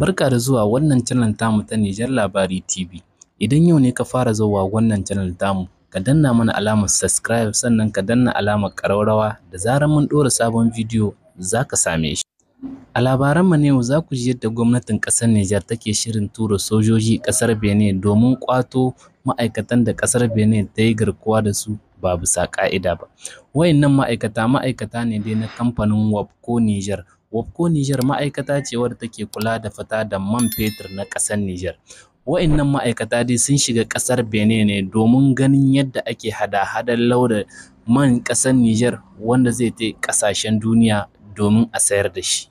Barka da zuwa wannan channel tamu ta Nijar Labari TV. Idan yau ne ka fara zuwa wannan channel tamu, ka danna mana alamar subscribe sannan ka danna alamar ƙaraurawa da zarar mun ɗora sabon bidiyo za ka same shi. A labaran mu yau za ku ji yadda gwamnatin ƙasar Nijar take shirin tura sojoji ƙasar Benin domin ƙwato ma'aikatan da ƙasar Benin ta yi garkuwa da su ba bisa ƙa'ida ba. Wayannan ma'aikata ma'aikata ne dai na kamfanin Wapco Nijar Wapco Niger ma'aikata ce wadda take kula da fita da man fetur na ƙasar Niger. Wa'innan ma'aikata dai sun shiga ƙasar Benin ne domin ganin yadda ake hada-hadar lauda man ƙasar Niger wanda zai ta ƙasashen duniya domin a sayar da shi.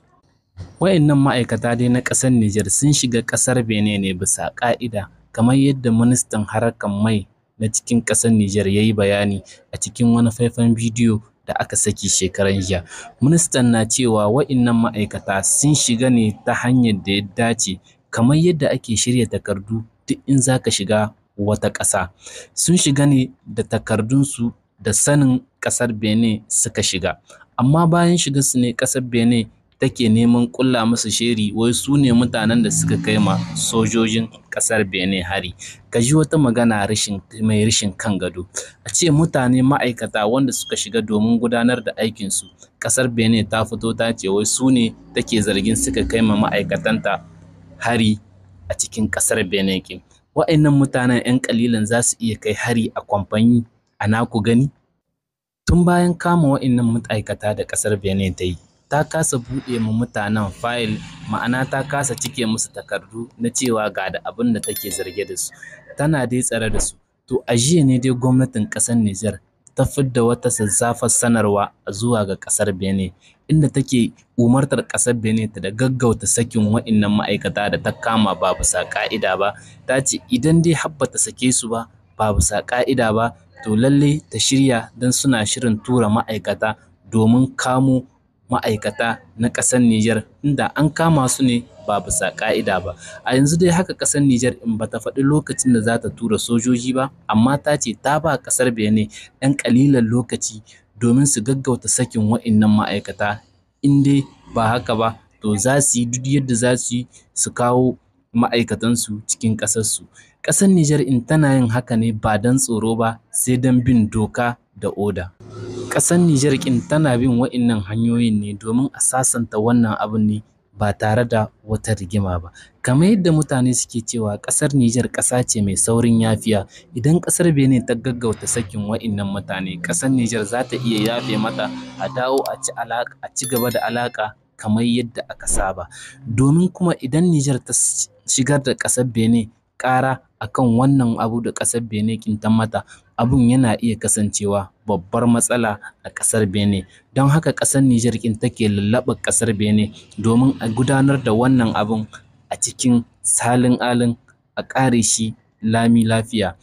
Wa'innan ma'aikata dai na ƙasar Niger sun shiga ƙasar Benin ne bisa ƙa'ida kamar yadda ministan harkar mai na cikin ƙasar Nijar ya yi bayani a cikin wani faifan bidiyo da aka saki shekaran jiya. Ministan na cewa wa'innan ma'aikata sun shiga ne ta hanyar da ya dace kamar yadda ake shirya takardu duk in za ka shiga wata ƙasa. Sun shiga ne da takardunsu da sanin ƙasar Benin suka shiga. Amma bayan shigarsu ne ƙasar Benin take neman kulla musu sheri wai su ne mutanen da suka kai ma sojojin kasar bene hari ka ji wata magana mai rashin kan gado a ce mutane ma'aikata wanda suka shiga domin gudanar da aikinsu kasar bene ta fito ta ce wai su ne take zargin suka kai ma ma'aikatanta hari a cikin kasar benin wa'annan mutanen 'yan kalilan za su iya kai hari a kwamfani a naku gani tun bayan kama wa'annan ma'aikata da kasar bene ta yi ta kasa buɗe ma mutanen fayil ma'ana ta kasa cike musu takardu na cewa ga da abin da take zarge da su tana dai tsare da su to a jiya ne dai gwamnatin ƙasar Nijar ta fidda wata sassafar sanarwa zuwa ga ƙasar Benin inda take umartar ƙasar Benin ta da gaggauta sakin wa'innan ma'aikata da ta kama ba bisa ƙa'ida ba ta ce idan dai habba ta sake su ba ba bisa ƙa'ida ba to lalle ta shirya don suna shirin tura ma'aikata domin kamo ma'aikata na ƙasar Nijar inda an kama su ne ba bisa ƙa'ida ba. A yanzu dai haka ƙasar Nijar in ba ta faɗi lokacin da za ta tura sojoji ba, amma ta ce ta ba ƙasar Benin ɗan ƙalilan lokaci domin su gaggauta sakin wa'innan ma'aikata in dai ba haka ba to za su yi duk yadda za su yi su kawo ma'aikatansu cikin ƙasarsu. Ƙasar Nijar in tana yin haka ne ba don tsoro ba sai don bin doka da oda. ƙasar Nijar ƙin tana bin wa'innan hanyoyin ne domin a sasanta wannan abin ne ba tare da wata rigima ba. Kamar yadda mutane suke cewa ƙasar Nijar ƙasa ce mai saurin yafiya, idan ƙasar Benin ta gaggauta sakin wa'innan mutane, ƙasar Nijar za ta iya yafe mata a dawo a ci gaba da alaƙa kamar yadda aka saba. Domin kuma idan Nijar ta shigar da ƙasar Benin ƙara a kan wannan abu da ƙasar Benin ta mata abun yana iya kasancewa babbar matsala a ƙasar Benin don haka ƙasar Nijar kin take lallaɓa ƙasar Benin domin a gudanar da wannan abun a cikin salin alin a ƙare shi lami lafiya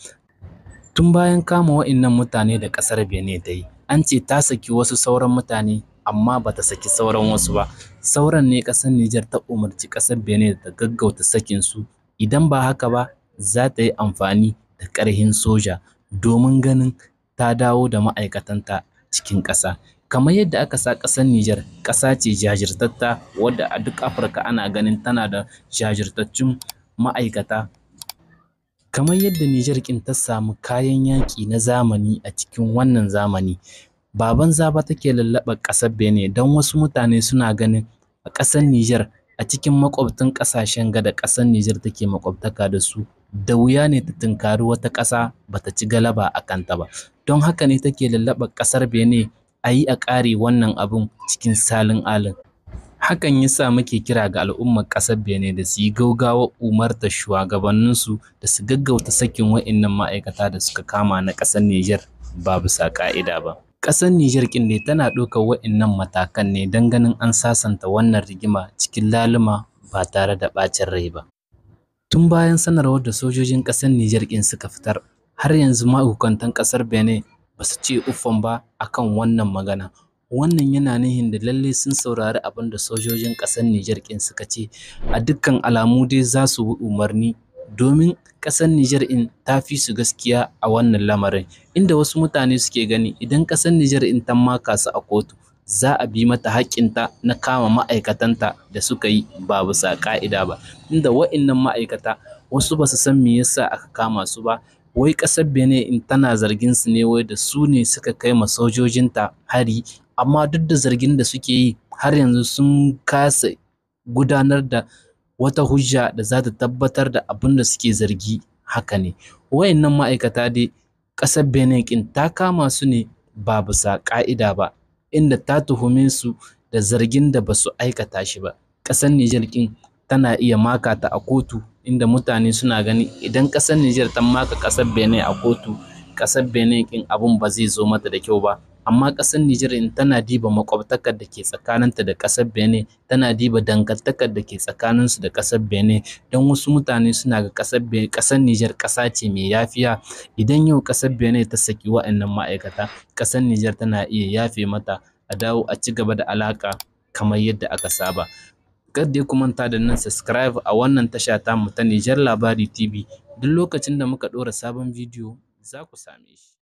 tun bayan kama wa'innan mutane da ƙasar Benin ta yi an ce ta saki wasu sauran mutane amma ba ta saki sauran wasu ba sauran ne ƙasar Nijar ta umarci ƙasar Benin ta gaggauta sakin su idan ba haka ba za ta yi amfani da ƙarhin soja domin ganin ta dawo da ma'aikatanta cikin ƙasa kamar yadda aka sa ƙasar Nijar ƙasa ce jajirtatta wadda a duk Afirka ana ganin tana da jajirtaccun ma'aikata kamar yadda Nijar kin ta samu kayan yaƙi na zamani a cikin wannan zamani ba banza take lallaɓa ƙasar Benin don wasu mutane suna ganin a ƙasar Nijar a cikin makwabtan ƙasashen ga da ƙasar Nijar take makwabtaka da su da wuya ne ta tunkari wata ƙasa ba ta ci galaba a kanta ba don haka ne take lallaɓa ƙasar Benin a yi a ƙare wannan abun cikin salin alin hakan ya sa muke kira ga al'ummar ƙasar benin da su yi gaugawa umarta shugabanninsu da su gaggauta sakin wa'innan ma'aikata da suka kama na ƙasar Nijar ba bisa ƙa'ida ba ƙasar Nijar kin dai tana ɗaukar waɗannan matakan ne don ganin an sasanta wannan rigima cikin laluma ba tare da ɓacin rai ba. Tun bayan sanarwar da sojojin ƙasar Nijar ƙin suka fitar, har yanzu mahukuntan ƙasar Benin ba su ce uffan ba akan wannan magana. Wannan yana nihin da lallai sun saurari abin da sojojin ƙasar Nijar ƙin suka ce, a dukkan alamu dai za su umarni domin ƙasar Nijar in ta fi su gaskiya a wannan lamarin inda wasu mutane suke gani idan ƙasar Nijar in ta maka su a kotu za a bi mata haƙƙinta na kama ma'aikatanta da suka yi ba bisa ƙa'ida ba inda wa'innan ma'aikata wasu ba su san me yasa aka kama su ba wai ƙasar Benin in tana zargin su ne wai da su ne suka kai ma sojojinta hari amma duk da zargin da suke yi har yanzu sun kasa gudanar da wata hujja da za ta tabbatar da abin da suke zargi haka ne wayannan ma'aikata dai ƙasar benin ƙin ta kama su ne ba bisa ƙa'ida ba inda ta tuhume su da zargin da ba su aikata shi ba ƙasar nijar ƙin tana iya maka ta a kotu inda mutane suna gani idan ƙasar nijar ta maka ƙasar benin a kotu ƙasar benin ƙin abun ba zai zo mata da kyau ba amma ƙasar Nijar in tana diba makwabtakar da ke tsakaninta da ƙasar Benin tana diba dangantakar da ke tsakaninsu da ƙasar Benin don wasu mutane suna ga ƙasar ƙasar Nijar ƙasa ce mai yafiya idan yau ƙasar Benin ta saki wa'annan ma'aikata ƙasar Nijar tana iya yafe mata a dawo a ci gaba da alaƙa kamar yadda aka saba kada ku manta da nan subscribe a wannan tasha ta mu ta Nijar Labari TV duk lokacin da muka ɗora sabon bidiyo za ku same shi